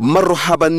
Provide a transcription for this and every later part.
marhaban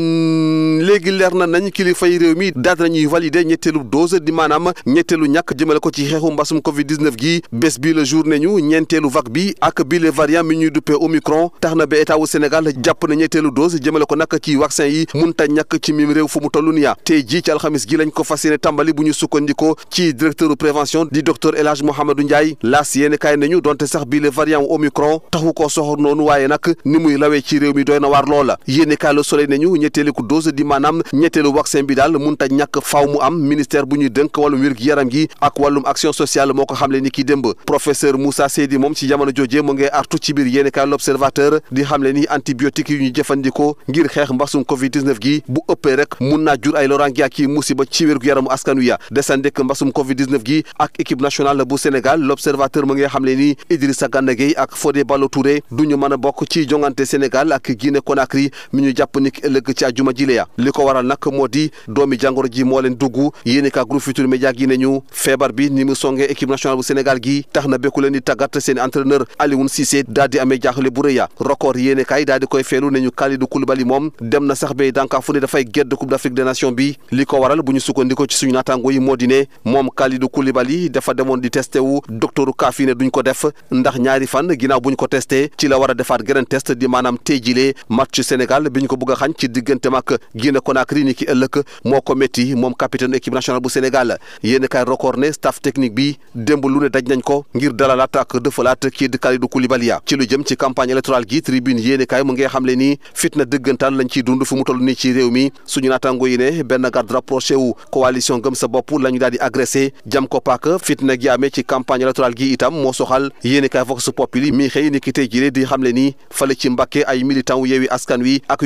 léegi leer na nañ kilifa yi réew mi daal nañuy valider ñetteelu dose di maanaam ñetteelu ñàkk jëmale ko ci xeexu mbasum covid 19 gi bés bi le jour nañu ñeenteelu vague bi ak bi le variant mi ñuy duppee omicron tax na ba état wu sénégal jàpp na ñetteelu dose jëmale ko nag ci vaccin yi mun munta ñàkk ci mim réew fu mu toll nii te jii ci alxamis gi lañ ko fas yéene tàmbali bu ñu sukkandikoo ci directeur prévention di docteur El Hadj Mouhamadou Ndiaye laas yéene kaay nañu donte sax bi le variant omicron taxu koo soxor noonu waaye nag ni muy lawee ci réew mi doy na waar loola jàkkaarloo Soleil nañu ñetteelu ko dose di maanaam ñetteelu vaccin bi daal munta ñàkk faaw mu am ministère bu ñuy dënk wàllum wér-gu-yaram gi ak wàllum action sociale moo ko xamle ni ki démb professeur Moussa Seydi moom ci jamono jooje mu ngi artu ci biir yéene kaay L'Observateur di xamle ni antibiotique yu ñu jëfandikoo ngir xeex mbasum covid 19 gi bu ëppee rek mun naa jur ay lorange ak yi musiba ci wér-gu-yaramu askanu ya desandek mbasum covid 19 gi ak équipe nationale bu Sénégal L'Observateur mu ngi xamle ni Idrissa Gana Gueye ak Fodé Ballo Touré duñu mën a bokk ci jongante Sénégal ak Guinée Conakry mi ñu ñu jàpp ni ki ëllëg ci àjjuma jileya waral nag moo di doomi jàngoro ji moo leen dugg yéeni kaa groupe Futurs gi ne feebar bi ni mu songee bu Sénégal gi tax na bekku leen di tàggat seen entraîneur Alioune Cissé daal di amee jaaxle bu rëya record yéeni kaay daal di koy feelu ne ñu Kalidou Koulibaly moom dem na sax bay dànkaafu ne dafay gedd Coupe d'Afrique des Nations bi li waral bu ñu sukkandiko ci suñu naataango yi moo ne moom Kalidou Koulibaly ñu ko bëgg a xañ ci diggante mag Guinée Conakry ni ki ëllëg moo ko métti moom capitaine équipe nationale bu Sénégal yéen kay record ne staff technique bi démb lu ne daj nañ ko ngir dalalaat ak dëfalaat kii di Kalidou Koulibaly ci lu jëm ci campagne électorale gi tribune yéen kay mu ngi xamle fitna dëggantaan lañ ciy dund fi mu toll nii ci réew mi suñu naataango yi benn garde rapproché wu coalition gëm sa lañu daal agressé jam ko paak fitna gi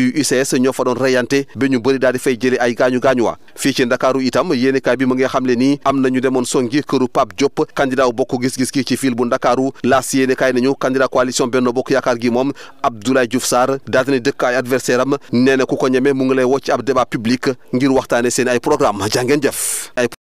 yu UCS ñoo fa doon reyante ba ñu bëri fay jëlee ay gaañu gaañuwaa fii ci ndakaaru itam yéeni kaay bi mu nga xam le am nañu demoon songi këru Pape Diop candidat wu gis-gis ki ci ville ndakaaru laas yéeni kaay nañu candidat coalition Benno Bokk Yaakaar gi moom Abdoulaye Diouf Sarr daal dëkk ay adversaire am nee ku ko ñeme mu lay woo ab débat public ngir waxtaane seen ay programme jàngeen jëf